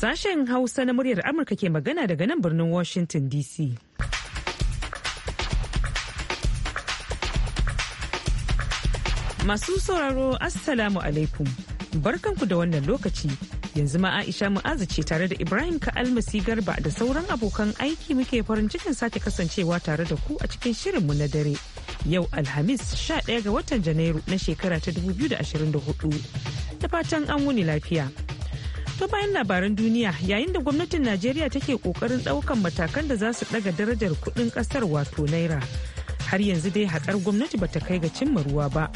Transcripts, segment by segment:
Sashen Hausa na muryar Amurka ke magana daga nan birnin Washington DC. Masu sauraro Assalamu alaikum. Barkanku da wannan lokaci. Yanzu ma Aisha Mu'azu ce tare da Ibrahim Ka'almasi Garba da sauran abokan aiki muke farin cikin sake kasancewa tare da ku a cikin shirinmu na dare. Yau Alhamis 11 ga watan Janairu na shekara ta 2024. Da fatan an wuni lafiya. To bayan labaran duniya yayin da gwamnatin Najeriya take kokarin daukan matakan da za su daga darajar kudin kasar wato naira. Har yanzu dai haƙar gwamnati ba ta kai ga cimma ruwa ba.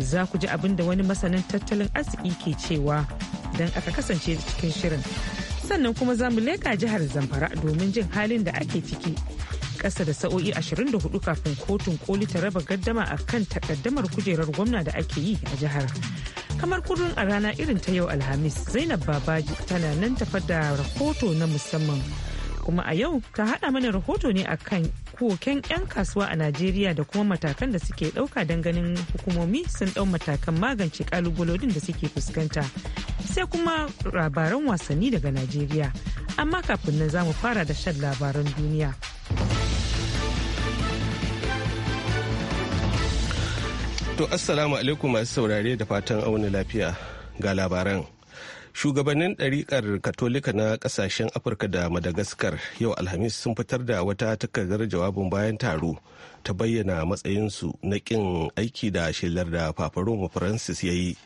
Za ku ji abin da wani masanin tattalin arziki ke cewa don aka kasance cikin shirin. Sannan kuma za mu leƙa jihar Zamfara domin jin halin da ake ciki. Ƙasa da sa'o'i 24 kafin kotun koli ta raba gaddama a kan takaddamar kujerar gwamna da ake yi a jihar. kamar kudin a rana irin ta yau alhamis zainab babaji tana nan tafa da rahoto na musamman kuma a yau ta hada mana rahoto ne akan koken 'yan kasuwa a najeriya da kuma matakan da suke dauka don ganin hukumomi sun dau matakan magance kalubalodin da suke fuskanta sai kuma labaran wasanni daga najeriya amma kafin nan za mu fara da shan labaran duniya. To assalamu alaikum masu saurare da fatan auni lafiya ga labaran. Shugabannin ɗariƙar Katolika na ƙasashen Afirka da Madagaskar yau Alhamis sun fitar da wata takardar jawabin bayan taro ta bayyana matsayinsu na ƙin aiki da shelar da Paparoma Francis ya yi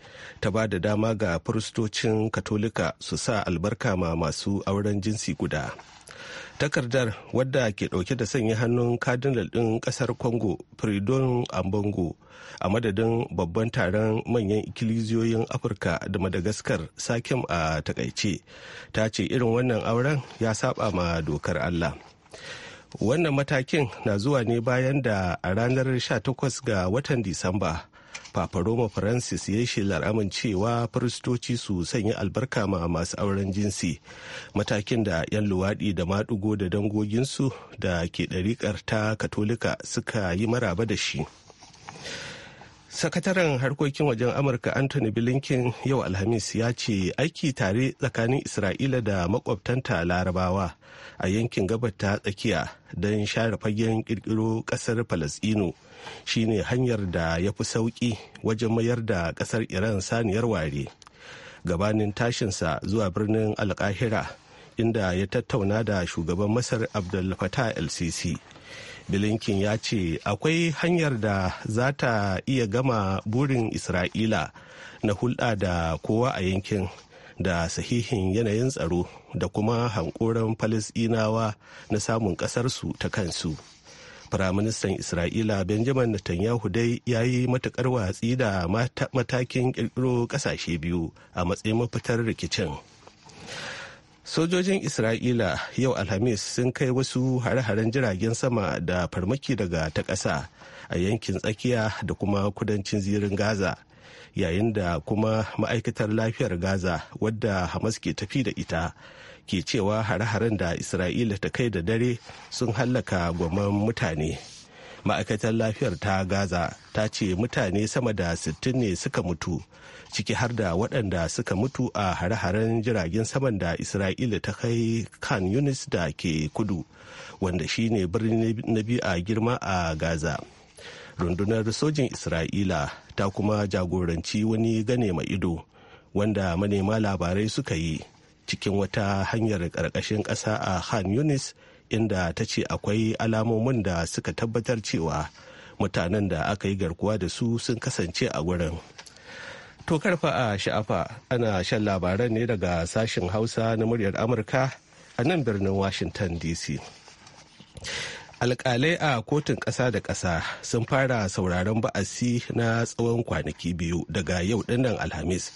ta ba da dama ga firistocin Katolika su sa albarka ma masu auren jinsi guda. takardar wadda ke dauke da sanya hannun kadinal ɗin ƙasar congo fridon ambongo a madadin babban taron manyan ikilisiyoyin afirka da madagaskar sakim a takaice ta ce irin wannan auren ya saba ma dokar allah wannan matakin na zuwa ne bayan da a ranar 18 ga watan disamba Papa Roma Francis ya yi shelar amincewa firistoci su sanya albarka ma masu auren jinsi matakin da 'yan luwaɗi da maɗugo da dangoginsu da ke ɗariƙar ta katolika suka yi maraba da shi. sakataren harkokin wajen amurka anthony blinken yau alhamis ya ce aiki tare tsakanin isra'ila da makwabtanta larabawa a yankin gabar ta tsakiya don share fagen kirkiro kasar palestino shine hanyar da ya fi sauki wajen mayar da kasar iran saniyar ware gabanin tashinsa zuwa birnin alkahira inda ya tattauna da shugaban masar abdul fatah el sisi Bilinkin ya ce akwai hanyar da za ta iya gama burin isra'ila na hulɗa da kowa a yankin da sahihin yanayin tsaro da kuma hankoron Falisinawa na samun ƙasarsu ta kansu firaministan isra'ila benjamin netanyahu dai ya yi matukar watsi da matakin ƙirƙiro ƙasashe biyu a matsayin mafitar rikicin sojojin isra'ila yau alhamis sun kai wasu hare-haren jiragen sama da farmaki daga ta ƙasa a yankin tsakiya da kuma kudancin zirin gaza yayin da kuma ma'aikatar lafiyar gaza wadda hamas ke tafi da ita ke cewa hare-haren da isra'ila ta kai da dare sun hallaka gwamman mutane ma'aikatar lafiyar ta gaza ta ce mutane sama da 60 ne suka mutu ciki har da waɗanda suka mutu a hare-haren jiragen saman da isra'ila ta kai kan yunis da ke kudu wanda shine birni na biyu a girma a gaza rundunar sojin isra'ila ta kuma jagoranci wani gane mai ido wanda manema labarai suka yi cikin wata hanyar ƙarƙashin ƙasa a khan yunis inda ta ce akwai alamomin da suka tabbatar cewa mutanen da aka yi garkuwa da su sun kasance a wurin. To karfa a sha'afa ana shan labaran ne daga sashen Hausa na muryar Amurka a nan birnin Washington DC. Alƙalai a kotun ƙasa da ƙasa sun fara sauraron ba'asi na tsawon kwanaki biyu daga yau dinnan Alhamis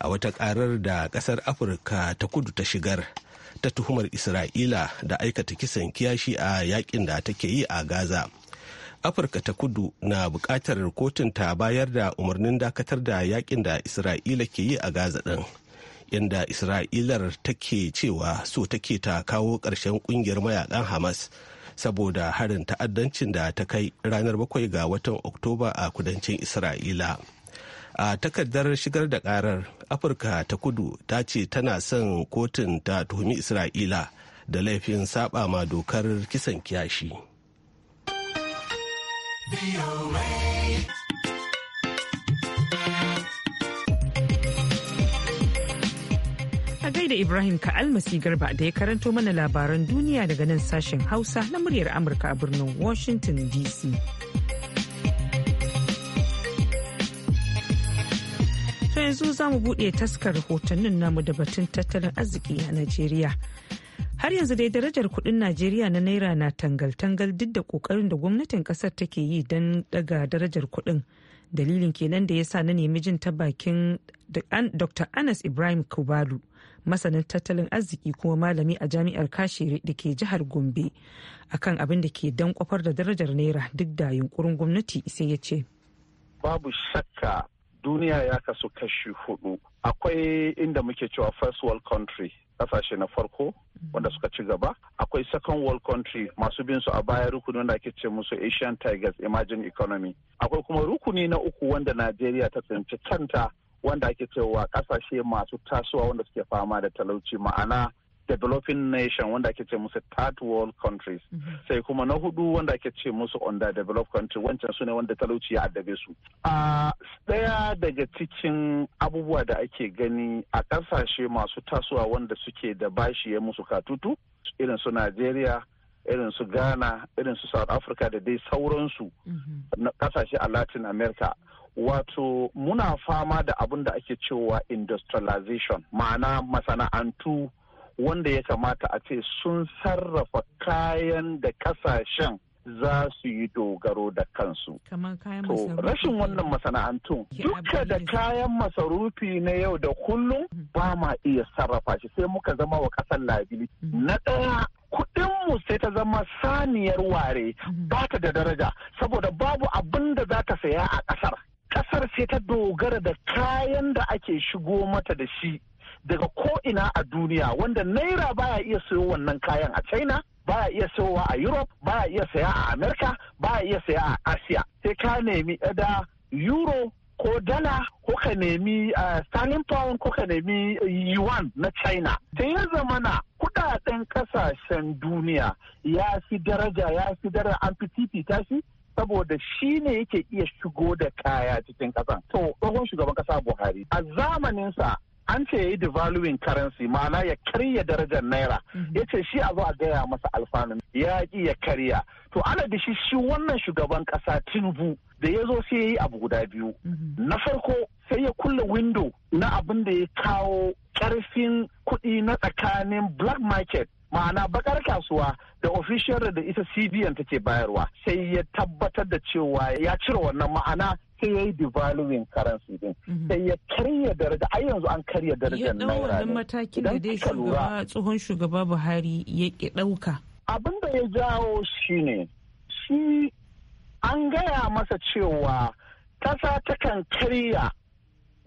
a wata ƙarar da ƙasar Afirka ta kudu ta shigar. ta tuhumar isra'ila da aikata kisan kiyashi a yakin da take yi a gaza afirka ta kudu na bukatar kotun ta bayar da umarnin dakatar da yakin da isra'ila ke yi a gaza din inda isra'ilar take cewa so take ta kawo karshen kungiyar mayakan hamas saboda harin ta'addancin da ta kai ranar bakwai ga watan oktoba a kudancin isra'ila a takardar shigar da karar afirka ta kudu ta ce tana son kotun ta tuhumi isra'ila da laifin saba ma dokar kisan kiyashi a gaida ibrahim ka'almasi garba da ya karanto mana labaran duniya daga nan sashen hausa na muryar amurka a birnin washington dc yanzu za mu buɗe taskar rahotannin namu da batun tattalin arziki a Najeriya. Har yanzu dai darajar kuɗin Najeriya na Naira na tangal-tangal duk da ƙoƙarin da gwamnatin ƙasar take yi don daga darajar kuɗin. Dalilin kenan da ya sa na nemi jin ta bakin Dr. Anas Ibrahim Kubalu, masanin tattalin arziki kuma malami a jami'ar Kashere da ke jihar Gombe, akan abin da ke dan kwafar da darajar Naira duk da yunkurin gwamnati sai ya ce. Babu shakka duniya ya kasu kashi hudu akwai inda muke cewa first world country kasashe na farko wanda suka ci gaba akwai second world country masu bin su a baya rukuni wanda ake ce musu asian tigers emerging economy akwai kuma rukuni na uku wanda najeriya ta tsinci kanta wanda ake cewa kasashe masu tasowa wanda suke fama da talauci ma'ana developing nation wanda ake ce musu third world countries mhm. sai kuma na hudu wanda ake ce musu underdeveloped country wancan su ne wanda talauci ya addabe su a daya daga cikin abubuwa da ake gani a kasashe masu tasowa wanda suke da bashi ya musu katutu irin su Najeriya irin su Ghana irin su South Africa da dai sauransu mhm. na kasashe a Latin America wato muna fama da abin da ake cewa industrialization ma'ana masana'antu wanda ya kamata a ce sun sarrafa kayan da kasashen za su yi dogaro da kansu. To rashin wannan masana'antun duka da kayan masarufi na yau da kullum mhm. ba ma iya sarrafa shi sai muka zama wa kasar labili. Mhm. Na ɗaya mu sai ta zama saniyar ware mhm. ba ta da daraja saboda babu abin da za ta saya a ƙasar. Ƙasar sai ta dogara da kayan da ake shigo mata da shi. daga ko'ina a duniya wanda naira baya iya sayo wannan kayan a china baya iya sayowa a europe baya iya saya a america baya iya saya a Asia. sai ka nemi da euro ko dala ko ka nemi eh, sterling pound ko ka nemi yuan na china ta ya zamana kudaden kasashen duniya ya fi daraja ya fi daraja an fi ta shi saboda shi ne yake iya shigo da kaya cikin kasa To, tsohon shugaban kasa Buhari a zamaninsa an ce ya yi devaluing currency ma'ana ya karya darajar naira mhm. ya ce shi a zo a gaya masa alfanun ya ki ya karya to aladi shi shi wannan shugaban kasa tinubu da ya zo sai ya yi abu guda biyu mhm. na farko sai ya kulle window na abin da ya kawo karfin kuɗi na tsakanin black market ma'ana bakar kasuwa da official da ita cbn take bayarwa sai ya tabbatar da cewa ya cire wannan ma'ana sai ya yi devaluing currency din mhm. sai ya karya daraja ai yanzu an karya darajar naira ne wannan matakin da dai shugaba tsohon shugaba Buhari ya ke dauka abin da ya jawo shine shi an gaya masa cewa kasa takan karya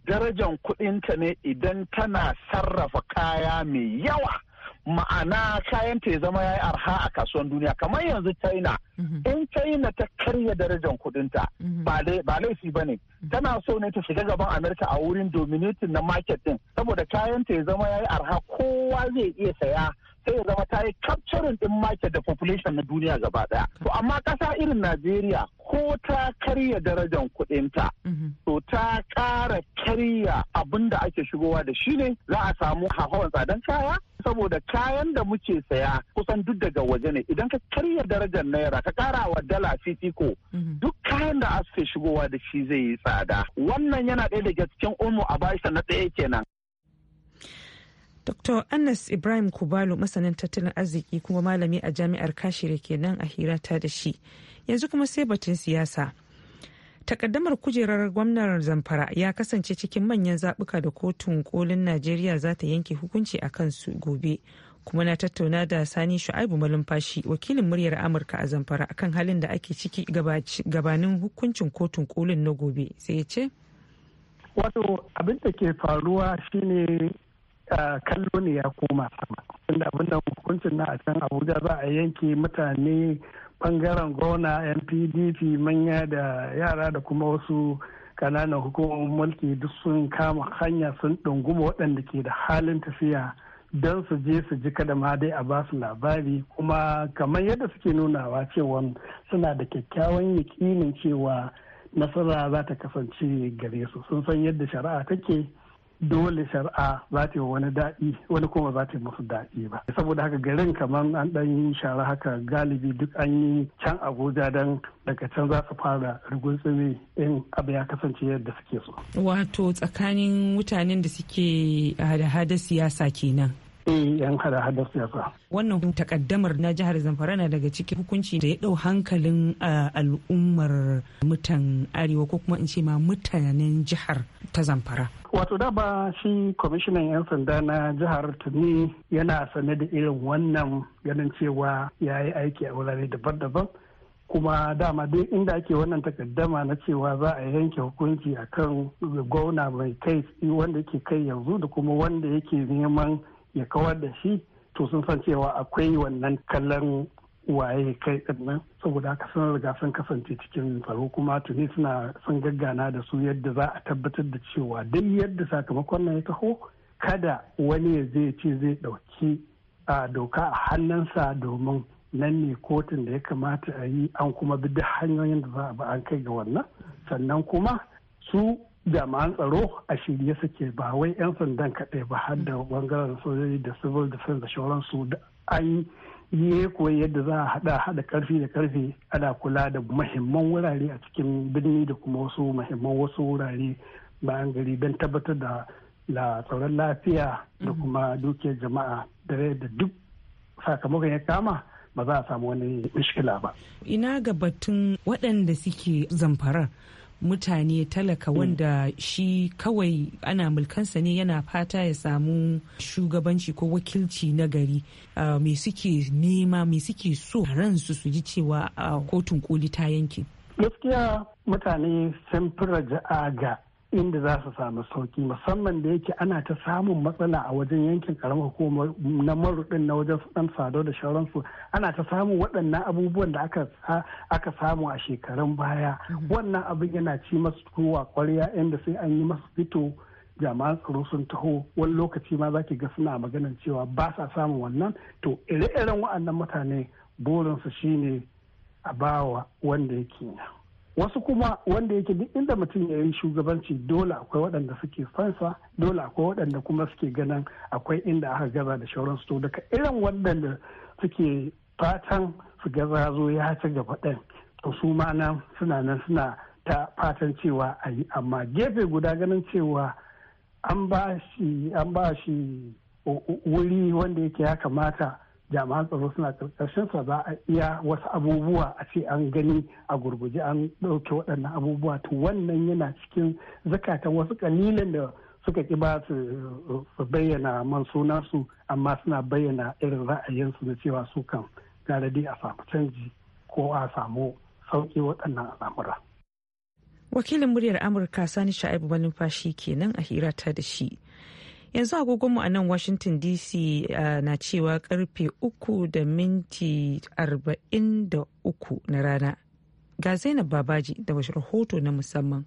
darajan kudinta ne idan tana sarrafa kaya mai yawa ma'ana kayan ta ya zama ya yi arha a kasuwan duniya kamar yanzu china mhm. in china ta karya darajar kudinta mhm. ba laifi ba ne mhm. tana so ne ta shiga gaban amurka a wurin dominating na market din saboda kayan ta ya zama ya yi arha kowa zai iya saya sai ya zama ta yi capturing din market da population na duniya gaba daya to amma kasa irin najeriya ko ta karya darajar kudinta mhm. to ta ƙara karya abin da ake shigowa da shi ne za a samu hawan tsadan kaya saboda kayan da muke saya kusan duk daga waje ne idan ka karya darajar naira ka kara wa dala fifiko mhm. duk kayan da aka shigowa da shi zai yi tsada wannan yana ɗaya daga cikin umu a bashi na ɗaya kenan Dr. Anas Ibrahim Kubalu masanin tattalin arziki kuma malami a jami'ar Kashi kashire nan a hirata da shi. Yanzu kuma sai batun siyasa. Takaddamar kujerar gwamnar Zamfara ya kasance cikin manyan zaɓuka da kotun kolin Najeriya za ta yanke hukunci a kan su gobe. Kuma na tattauna da Sani Shu'aibu Malumfashi wakilin muryar Amurka a Zamfara akan halin da ake ciki gabanin hukuncin kotun kolin na gobe sai ya ce. Wato abin da ke faruwa shine kallo ne ya koma sama inda abin da hukuncin na a can abuja za a yanke mutane bangaren gona npdp manya da yara da kuma wasu kananan hukumomin mulki duk sun kama hanya sun ɗunguma waɗanda ke da halin tafiya don su je su ji kada ma dai a ba su labari kuma kamar yadda suke nunawa cewa suna da kyakkyawan yaƙinin cewa nasara za ta kasance gare su sun san yadda shari'a take dole shari'a za ta yi wani daɗi wani kuma za ta yi musu daɗi ba saboda haka garin kamar an ɗan yi shara haka galibi duk an yi can abuja don daga can za su fara tsimi in abu ya kasance yadda suke so wato tsakanin mutanen da suke hada-hada siyasa kenan eh yan hada hadar siyasa wannan takaddamar na jihar zamfara na daga cikin hukunci da ya dau hankalin ah, al'ummar mutan arewa ko kuma in ce ma mutanen jihar ta zamfara wato da ba shi kwamishinan yan sanda na jihar tuni yana sane da irin wannan ganin cewa ya yi aiki a wurare daban-daban kuma dama duk inda ake wannan takaddama na cewa za a yanke hukunci akan gwauna mai kai wanda yake kai yanzu da kuma wanda yake neman ya kawar da shi to sun san cewa akwai wannan kallon waye kai nan saboda haka sun riga sun kasance cikin tsaro kuma tuni suna sun gaggana da su yadda za a tabbatar da cewa duk yadda sakamakon na ya taho kada wani ya zai ce zai ɗauki a doka a hannunsa domin nan ne kotun da ya kamata a yi an kuma bi duk hanyoyin da za a bi an kai ga wannan sannan kuma su jami'an tsaro a shirye suke ba wai 'yan sandan kaɗai ba har da bangaren sojoji da civil defense da shauransu da an yi koyi yadda za a haɗa haɗa karfi da karfi ana kula da mahimman wurare a cikin birni da kuma wasu mahimman wasu wurare bayan gari don tabbatar da la tsaron lafiya da mm-hmm. kuma dukiyar jama'a da da duk sakamakon ya kama ba za a samu wani mishkila ba. Ina ga batun waɗanda suke zamfarar mutane talaka hmm. wanda shi kawai ana mulkansa ne yana fata ya samu shugabanci ko wakilci na gari ah, me suke nema me suke so ransu su ji cewa ah, kotun koli ta yanke gaskiya mutane sun fi raja'a ga inda za su samu sauki musamman da yake ana ta samun matsala a wajen yankin karamar hukumar na marudin na wajen dan sado da shauransu ana ta samun waɗannan abubuwan da aka samu a shekarun baya mhm. wannan abin yana ci masu kowa kwarya inda sai an yi masu fito jami'an tsaro sun taho wani lokaci ma za ki ga suna maganan cewa ba sa samun wannan to ire-iren waɗannan mutane burinsu shine a bawa wanda yake na. wasu kuma wanda yake duk inda mutum ya yi shugabanci dole akwai waɗanda suke fansa dole akwai waɗanda kuma suke ganin akwai inda aka gaza da shauransu to daga irin waɗanda suke fatan su gaza zo ya ci gaba ɗin to su ma nan suna nan suna ta fatan cewa a yi amma gefe guda ganin cewa an ba shi wuri wanda yake ya kamata jami'an tsaro suna karkashin sa za a iya wasu abubuwa a ce an gani a gurguje an ɗauke waɗannan abubuwa to wannan yana cikin zakatan wasu kalilan da suka ki ba su bayyana man sunansu amma suna bayyana irin ra'ayinsu na cewa su kan gara dai a samu canji ko a samu sauƙi waɗannan al'amura. wakilin muryar amurka sani sha'ibu fashi kenan a hira ta da shi yanzu agogonmu a nan washington dc uh, na cewa karfe uku da minti arba'in da na rana ga zainab babaji da wasu rahoto na musamman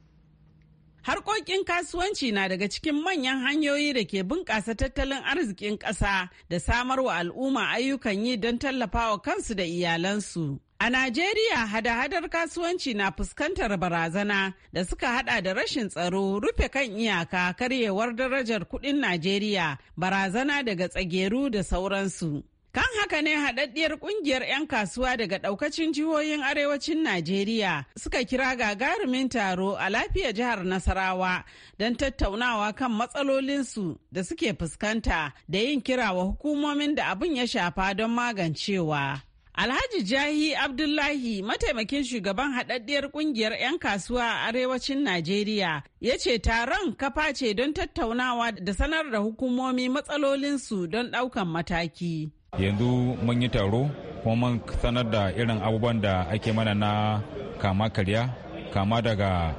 Harkokin kasuwanci na daga cikin manyan hanyoyi da ke bunƙasa tattalin arzikin ƙasa da samarwa al'umma ayyukan yi don tallafawa kansu da iyalansu. A Najeriya hada-hadar kasuwanci na fuskantar barazana da suka hada da rashin tsaro, rufe kan iyaka, karyewar darajar kudin Najeriya, barazana daga tsageru da sauransu. Kan haka ne haɗaɗɗiyar ƙungiyar 'yan kasuwa daga ɗaukacin jihohin arewacin Najeriya suka kira gagarumin taro a lafiyar jihar Nasarawa don tattaunawa kan matsalolinsu da suke fuskanta da yin kira wa hukumomin da abin ya shafa don magancewa. Alhaji Jahi Abdullahi mataimakin shugaban haɗaɗɗiyar ƙungiyar 'yan kasuwa a arewacin Najeriya ya ce taron kafa ce don tattaunawa da sanar da hukumomi matsalolinsu don ɗaukan mataki. Yanzu mun yi taro kuma mun sanar da irin abubuwan da ake mana na kama karya kama daga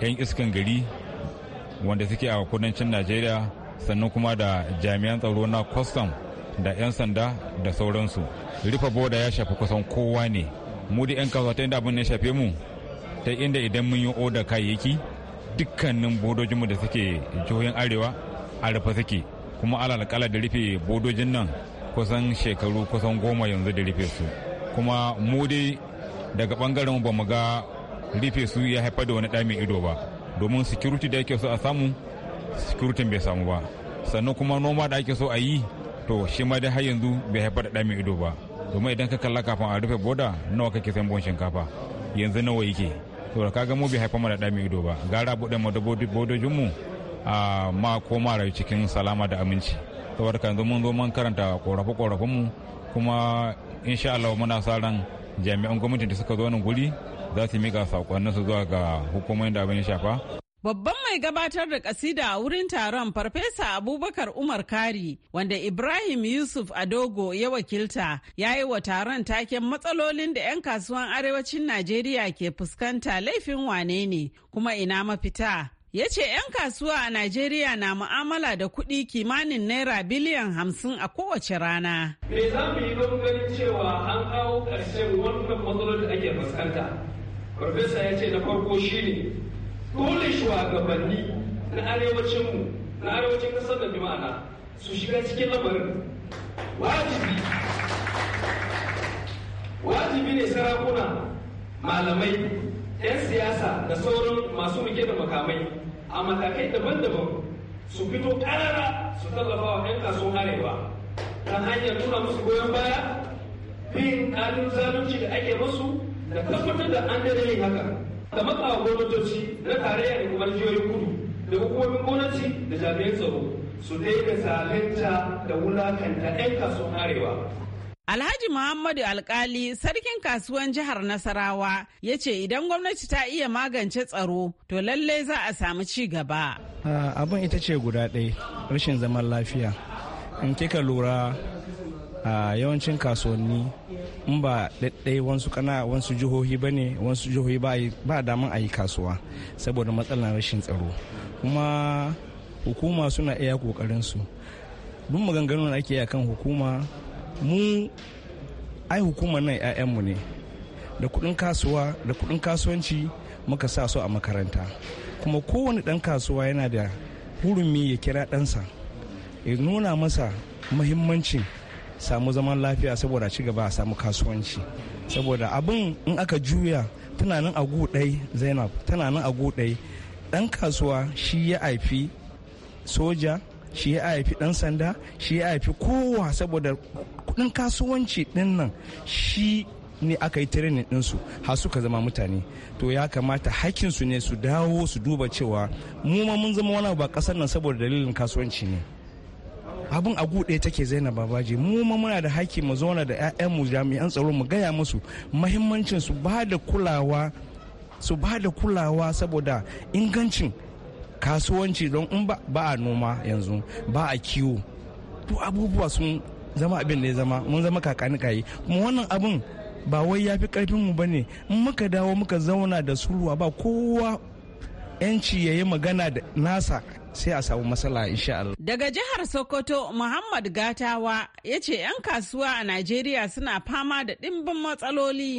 'yan iskan gari wanda suke a kudancin Najeriya sannan kuma da jami'an tsaro na kwastam da 'yan sanda da sauransu rufe boda ya shafi kusan kowa ne mu da 'yan kasuwa ta inda abin ya shafe mu ta inda idan mun yi oda kayayyaki dukkanin bodojinmu da suke jihohin arewa a rufe suke kuma alalakala da rufe bodojin nan kusan shekaru kusan goma yanzu da rufe su kuma mu dai daga bangaren ba mu ga rufe su ya haifar da wani ɗa mai ido ba domin security da yake so a samu security bai samu ba sannan kuma noma da ake so a yi to shi ma dai har yanzu bai haifar da ɗa mai ido ba domin idan ka kalla kafin a rufe boda nawa kake san buhun shinkafa yanzu nawa yake to ka ga mu bai haifar mana da ɗa mai ido ba gara buɗe mu da bodojinmu a ma koma rayu cikin salama da aminci saboda ka yanzu mun zo mun karanta korafe korafen mu kuma insha Allah muna sa ran jami'an gwamnati da suka zo nan guri za su mika sakonnin su zuwa ga hukumomin da abin ya shafa Babban mai gabatar da kasida a wurin taron Farfesa Abubakar Umar Kari, wanda Ibrahim Yusuf Adogo ya wakilta, ya yi wa taron taken matsalolin da 'yan kasuwan arewacin Najeriya ke fuskanta laifin wane ne, kuma ina mafita. Ya ce 'yan kasuwa a Najeriya na mu'amala da kuɗi kimanin naira biliyan hamsin a kowace rana. Me za mu yi don cewa an kawo ƙarshen wannan matsalolin da ake fuskanta? Farfesa ya ce na farko shi ne dole shugabanni na arewacin mu na arewacin kasar da jama'a su shiga cikin lamarin wajibi wajibi ne sarakuna malamai 'yan siyasa da sauran masu rike da makamai a matakai daban-daban su fito ƙarara su tallafa wa 'yan kasuwan arewa ta hanyar nuna musu goyon baya bin ƙalin zalunci da ake masu da tabbatar da an dare haka da matsawa gwamnatoci na tarayya da kuma jihohin kudu da hukumomin gwamnati da jami'an tsaro su daina zalunta da wulakanta 'yan kasuwan arewa Alhaji Muhammadu Alkali sarkin kasuwan jihar Nasarawa ya ce idan gwamnati ta iya magance tsaro to lallai za a samu ci gaba. Abin ita ce guda ɗaya rashin zaman lafiya. In kika lura a yawancin kasuwanni in ba ɗaiɗai wasu kana wasu jihohi ba ne wasu jihohi ba daman a yi kasuwa saboda matsalar rashin tsaro kuma hukuma suna iya ƙoƙarinsu duk maganganun da ake yi kan hukuma mu ai hukuma nan 'ya'yanmu ne da kudin kasuwa da kuɗin kasuwanci muka sa su a makaranta kuma kowane dan kasuwa yana da hurumi ya kira ɗansa ya nuna masa muhimmancin samu zaman lafiya saboda ci gaba a samu kasuwanci saboda abin in aka juya tana nan a gudai zainab tana nan a gudai dan kasuwa shi ya haifi soja shi ya haifi dan sanda shi ya haifi kowa saboda kudin kasuwanci din nan shi ne aka yi training ɗinsu har suka zama mutane to ya kamata hakinsu ne su dawo su duba cewa mu ma mun zama wani ba kasar nan saboda dalilin kasuwanci ne abin a gude take zainab babaji mu ma muna da haƙƙi mu zauna da 'ya'yanmu jami'an tsaro mu gaya musu mahimmancin su ba da kulawa su ba da kulawa saboda ingancin kasuwanci don in ba a noma yanzu ba a kiwo to abubuwa sun zama abin da ya zama mun zama kayi kuma wannan abin ba wai ya fi mu ba ne in muka dawo muka zauna da sulwa ba kowa yanci ya yi magana da nasa sai a samu matsala insha Allah. Daga jihar Sokoto Muhammad Gatawa ya ce 'yan kasuwa a Najeriya suna fama da ɗimbin matsaloli.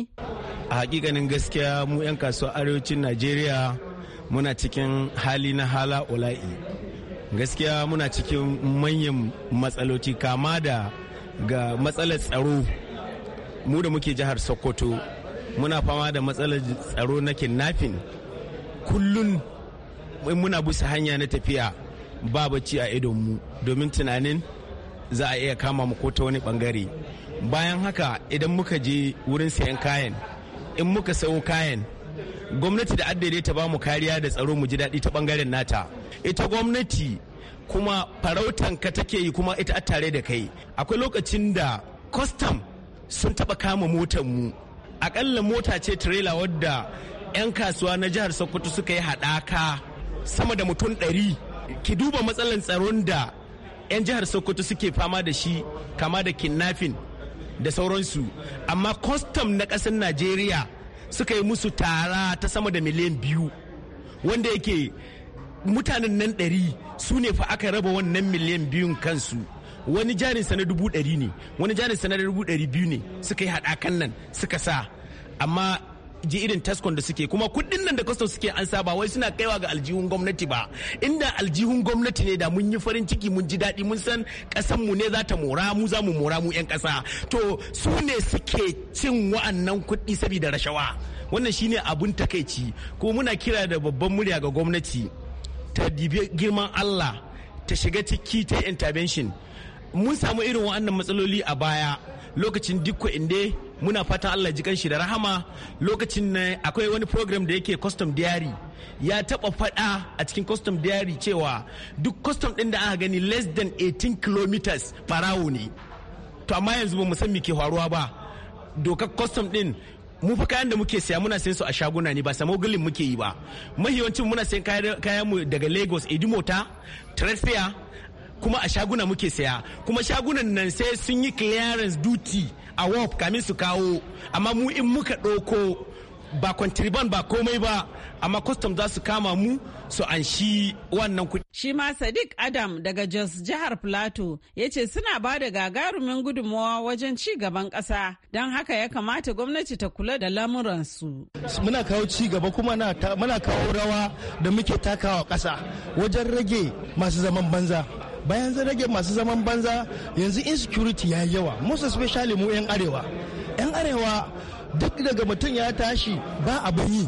A hakikanin gaskiya mu 'yan kasuwa arewacin Najeriya muna cikin hali na hala ula'i. Gaskiya muna cikin manyan matsaloli kama da ga matsalar tsaro mu da muke jihar Sokoto muna fama da matsalar tsaro na kidnapping kullun in muna busa hanya na tafiya ba bacci a idonmu domin tunanin za a iya kama mu ko ta wani bangare bayan haka idan muka je wurin sayan kayan in muka sayo kayan gwamnati da addade ta ba mu kariya da tsaro mu ji daɗi ta bangaren nata ita gwamnati kuma farautan ka take yi kuma ita tare da kai akwai lokacin da kwastam sun taɓa kama motar mu akalla mota ce tirela wadda 'yan kasuwa na jihar sokoto suka yi haɗaka sama da mutum ɗari ki duba matsalar tsaron da 'yan jihar sokoto suke fama da shi kama da kidnapping da sauransu amma kwastam na ƙasar najeriya suka yi musu tara ta sama da miliyan biyu wanda yake mutanen nan ɗari su ne fa aka raba wannan miliyan biyun kansu wani jarin sana dubu ɗari ne wani jarin sana dubu ɗari biyu ne suka yi haɗakan nan suka sa amma ji irin taskon da suke kuma kuɗin nan da custom suke an saba wai suna kaiwa ga aljihun gwamnati ba inda aljihun gwamnati ne da mun yi farin ciki mun ji daɗi mun san ƙasar mu ne za ta mora mu za mu mora mu 'yan kasa to su ne suke cin wa'annan kuɗi saboda rashawa wannan shine abun takaici ko muna kira da babban murya ga gwamnati ta dibi girman Allah ta shiga ciki ta intervention mun samu irin wa'annan matsaloli a baya lokacin dukko inde muna fata allah ji kanshi da rahama lokacin na akwai wani program da yake custom diary ya taba faɗa a cikin custom diary cewa duk custom din da aka gani less than 18 kilometers farawo ne to amma yanzu ba mu san ke faruwa ba dokar custom din mu fa kayan da muke saya muna sayan su a shaguna ne ba samogulin muke yi ba mahiyancin muna sayan kayan mu daga lagos edimota trade kuma a shaguna muke saya kuma shagunan nan sai sun yi clearance duty a wop kamin su kawo amma mu in muka ɗauko ba kwantirban ba komai ba amma kwastam za su kama mu su anshi wannan kuɗi. Shi ma Sadiq Adam daga Jos jihar Plateau ya ce suna ba da gagarumin gudunmawa wajen ci gaban ƙasa don haka ya kamata gwamnati ta kula da lamuransu. Muna kawo ci gaba kuma muna kawo rawa da muke takawa ƙasa wajen rage masu zaman banza. bayan zan rage masu zaman banza yanzu insecurity ya yawa most especially mu 'yan arewa 'yan arewa duk daga mutum ya tashi ba abin yi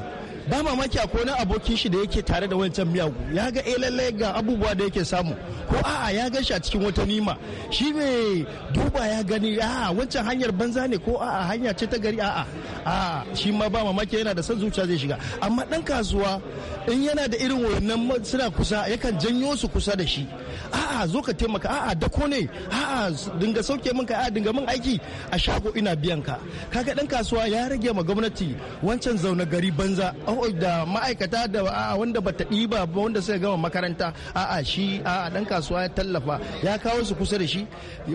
ba mamaki a na abokin shi da yake tare da wancan miyagu ya ga eh lallai ga abubuwa da yake samu ko a'a ya gan shi a cikin wata nima shi mai duba ya gani a'a wancan hanyar banza ne ko a'a hanya ce ta gari a'a A'a ah, shi ma ba mamaki yana da san zuciya zai shiga amma dan kasuwa in yana da irin wannan suna kusa yakan janyo su kusa da shi a'a zo ka taimaka a'a da ko ne a'a dinga sauke min ka a'a dinga min aiki a shago ina biyan ka kaga dan kasuwa ya rage ma gwamnati wancan zaune gari banza oh, da ma'aikata da a'a wanda bata ɗiba ba wanda suka gama makaranta a'a shi a'a dan kasuwa ya tallafa ya kawo su kusa da shi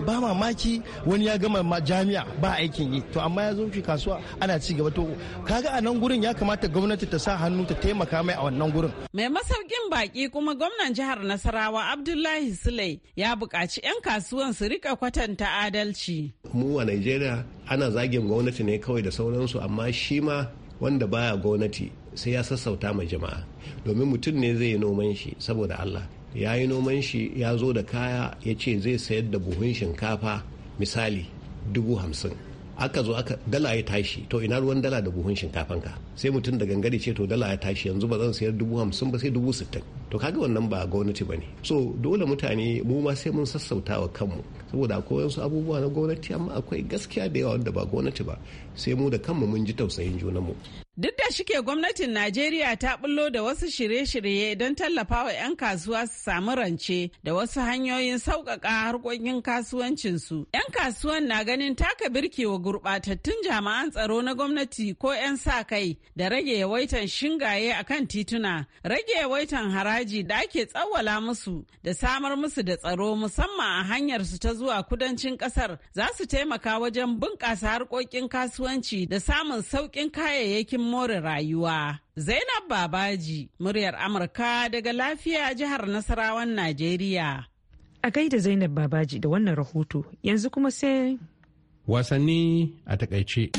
ba mamaki wani ya gama jami'a ba aikin yi to amma ya zo shi kasuwa ana ci gaba to kaga a nan gurin ya kamata gwamnati ta sa hannu ta taimaka mai a wannan gurin mai masaukin baki kuma gwamnan jihar nasarawa abdullahi Sulai ya buƙaci 'yan kasuwan su rika kwatanta adalci mu a nigeria ana zagin gwamnati ne kawai da sauransu amma shi ma wanda baya gwamnati sai ya sassauta ma jama'a domin mutum ne zai yi noman shi saboda allah ya yi noman shi ya zo da kaya ya ce zai sayar da buhun shinkafa misali dubu hamsin aka zo aka dala ya tashi to ina ruwan dala da buhun shinkafan ka sai mutum da gangare ce to dala ya tashi yanzu ba zan sayar dubu hamsin ba sai dubu sittin to kaga wannan ba gwamnati ba ne so dole mutane mu ma sai mun sassauta wa kanmu saboda akwai wasu abubuwa na gwamnati amma akwai gaskiya da yawa wanda ba gwamnati ba sai mu da kanmu mun ji tausayin junanmu Duk da shike gwamnatin Najeriya ta bullo da wasu shirye-shirye don tallafawa 'yan kasuwa su samu rance da wasu hanyoyin sauƙaƙa harkokin kasuwancinsu. 'Yan kasuwan na ganin taka birki wa gurɓatattun jami'an tsaro na gwamnati ko 'yan sa kai da rage yawaitan shingaye a kan tituna, rage yawaitan haraji da ake tsawwala musu da samar musu da tsaro musamman a hanyar su ta zuwa kudancin ƙasar za su taimaka wajen bunƙasa harkokin kasuwanci da samun sauƙin kayayyakin more rayuwa. Zainab Babaji, muryar Amurka daga lafiya jihar Nasarawan Najeriya. A gaida Zainab Babaji da wannan rahoto yanzu kuma sai. Wasanni a takaice.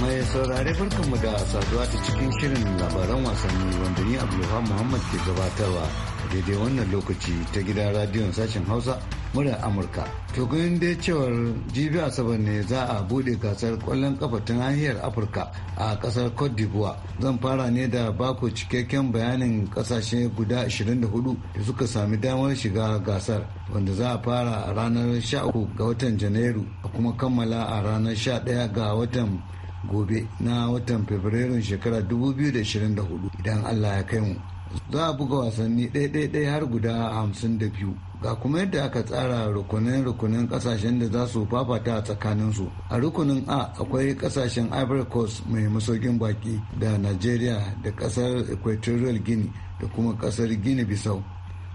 mai saurare mu da saduwa ta cikin shirin labaran wasanni wanda ni abu muhammad ke gabatarwa daidai wannan lokaci ta gidan radiyon sashen hausa murar amurka to ganin dai cewar jibi asabar ne za a bude gasar kwallon kafa ta nahiyar afirka a kasar cote d'ivoire zan fara ne da bako cikakken bayanin kasashe guda 24 da suka sami damar shiga gasar wanda za a fara a ranar 13 ga watan janairu a kuma kammala a ranar 11 ga watan gobe na watan fabrairun shekara 2024 idan allah ya kai mu za a buga wasanni ɗaiɗaiɗai har guda hamsin da biyu ga kuma yadda aka tsara rukunin rukunin kasashen da za su fafata a tsakaninsu a rukunin a akwai kasashen ivory coast mai masaukin baki da nigeria da kasar equatorial guinea da kuma kasar guinea bissau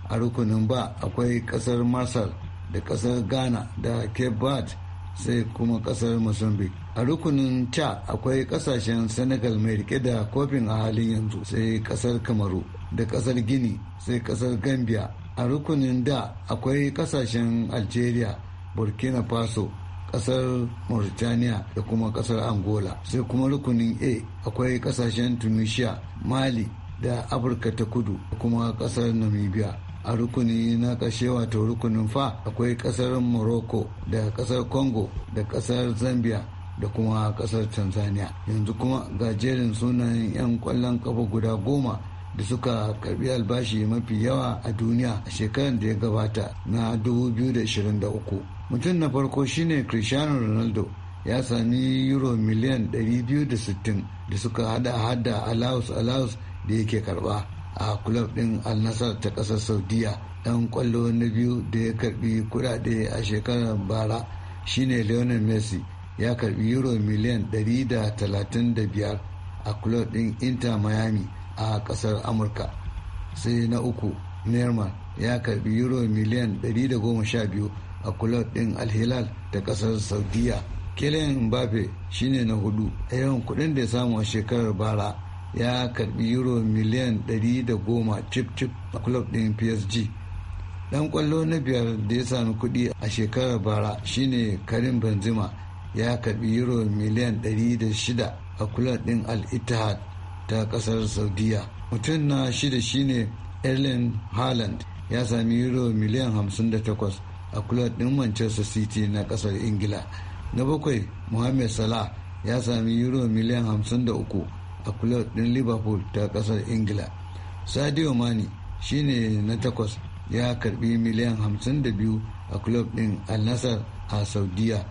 a rukunin ba akwai kasar marshall da kasar ghana da cape verde sai kuma kasar mozambique a rukunin ca akwai kasashen senegal mai rike da kofin a halin yanzu sai kasar kamaru da kasar gini sai kasar gambia a rukunin da akwai kasashen algeria burkina faso kasar mauritania da kuma kasar angola sai kuma rukunin a akwai kasashen tunisia mali da afirka ta kudu da kuma kasar namibia a rukuni na kashe wato rukunin fa akwai kasar morocco da kasar congo da kasar zambia da kuma kasar tanzania yanzu kuma ga jerin sunayen 'yan kwallon kafa guda goma da suka karbi albashi mafi yawa a duniya a shekarar da ya gabata na 2023 mutum na farko shine cristiano ronaldo ya sami euro miliyan 260 da suka hada hada allowance allowance da yake karba a kulob din al ta kasar saudiya dan kwallo na biyu da ya karbi kudade a shekarar bara shine lionel messi ya karbi euro miliyan 135 a kulob din inter miami a kasar amurka sai na uku Neymar ya karbi euro miliyan 112 a kulob din alhilal da kasar saudiya kelen mbappe shine na hudu a yawan kudin da ya samu a shekarar bara ya karbi euro miliyan 110 cip cip a kulob din psg dan kwallo na biyar da ya sami kudi a shekarar bara shine karim benzema ya karbi euro miliyan 106 a kulob din al-ittihad ta kasar saudiya mutum na shida shine erling haaland ya sami euro miliyan 58 a club din manchester city na kasar ingila na bakwai mohamed salah ya sami euro miliyan 53 a club din liverpool ta kasar ingila sadio mani shine na takwas ya karbi miliyan 52 a club din al a saudiya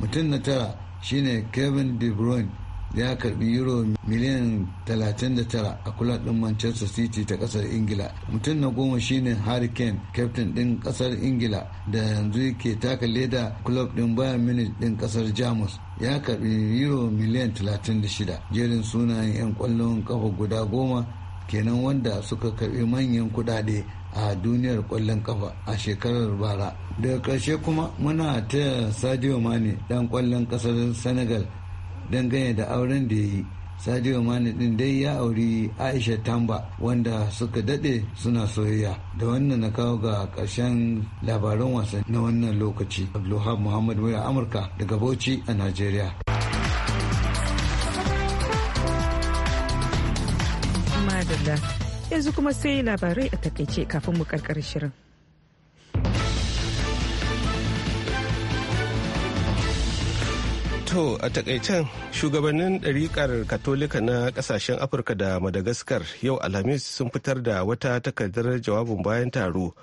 mutum na tara shine kevin de bruyne ya karbi euro miliyan 39 a kulob din manchester city ta kasar ingila mutum na goma shine harry kane captain din kasar ingila da yanzu ke taka leda club din bayan munich din kasar jamus ya karbi euro miliyan 36 jerin sunayen 'yan kwallon kafa guda goma kenan wanda suka karbi manyan kudade a duniyar kwallon kafa a shekarar bara daga karshe kuma muna taya sadio mane dan kwallon kasar senegal dangane da auren da ya yi sadio Manadin dai ya auri aisha tamba wanda suka dade suna soyayya da wannan na kawo ga ƙarshen labaran wasan na wannan lokaci abdulhab muhammad a amurka daga bauchi a nigeria yanzu kuma sai labarai a takaice kafin mu karkar shirin To a takaicen shugabannin ɗariƙar Katolika na ƙasashen Afirka da Madagaskar yau Alhamis sun fitar da wata takardar jawabin bayan taro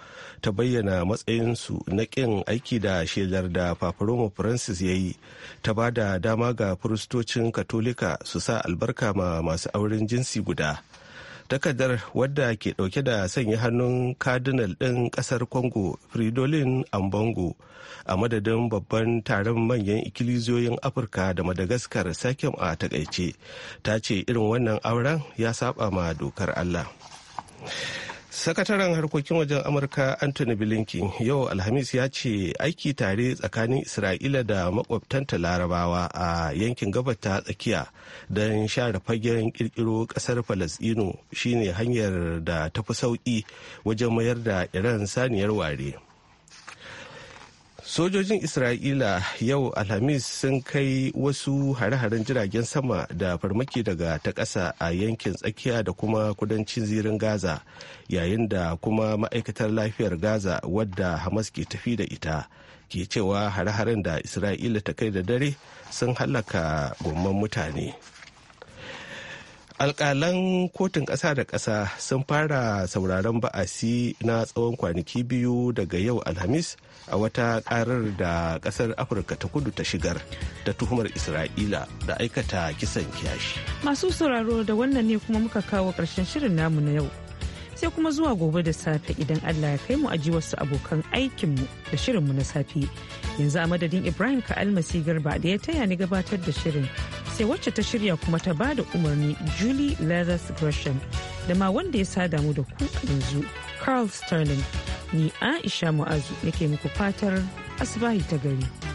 ta bayyana matsayinsu na ƙin aiki da shelar da Paparoma Francis ya yi ta ba da dama ga firistocin Katolika su sa albarka ma masu auren jinsi guda. takardar wadda ke dauke da sanya hannun kadinal din kasar congo fridolin ambongo a madadin babban taron manyan ikilizoyin afirka da madagascar sakin a takaice ta ce irin wannan auren ya saba ma dokar allah sakataren harkokin wajen amurka anthony blinken yau alhamis ya ce aiki tare tsakanin isra'ila da makwabtanta larabawa a yankin ta tsakiya don share fagen kirkiro kasar falasdino shine hanyar da tafi sauki wajen mayar da iran saniyar ware sojojin isra'ila yau alhamis sun kai wasu hare-haren jiragen sama da farmaki daga ta ƙasa a yankin tsakiya da kuma kudancin zirin gaza yayin da kuma ma'aikatar lafiyar gaza wadda hamas ke tafi da ita ke cewa hare-haren da isra'ila ta kai da dare sun halaka gomman mutane alƙalan kotun ƙasa da ƙasa sun fara sauraron ba'asi na tsawon kwanaki biyu daga yau alhamis a wata ƙarar da ƙasar afirka ta kudu ta shigar da tuhumar isra'ila da aikata kisan kiyashi masu sauraro da wannan ne kuma muka kawo ƙarshen shirin namu na yau sai kuma zuwa gobe da safe idan Allah ya kai mu aji wasu abokan aikinmu da shirinmu na safe. Yanzu a madadin Ibrahim ka Almasi Garba da ya taya ni gabatar da shirin sai wacce ta shirya kuma ta ba da umarni Julie Lazarus Gresham da ma wanda ya sada mu da ku yanzu Carl Sterling. Ni Aisha Mu'azu nake muku fatar asibahi ta gari.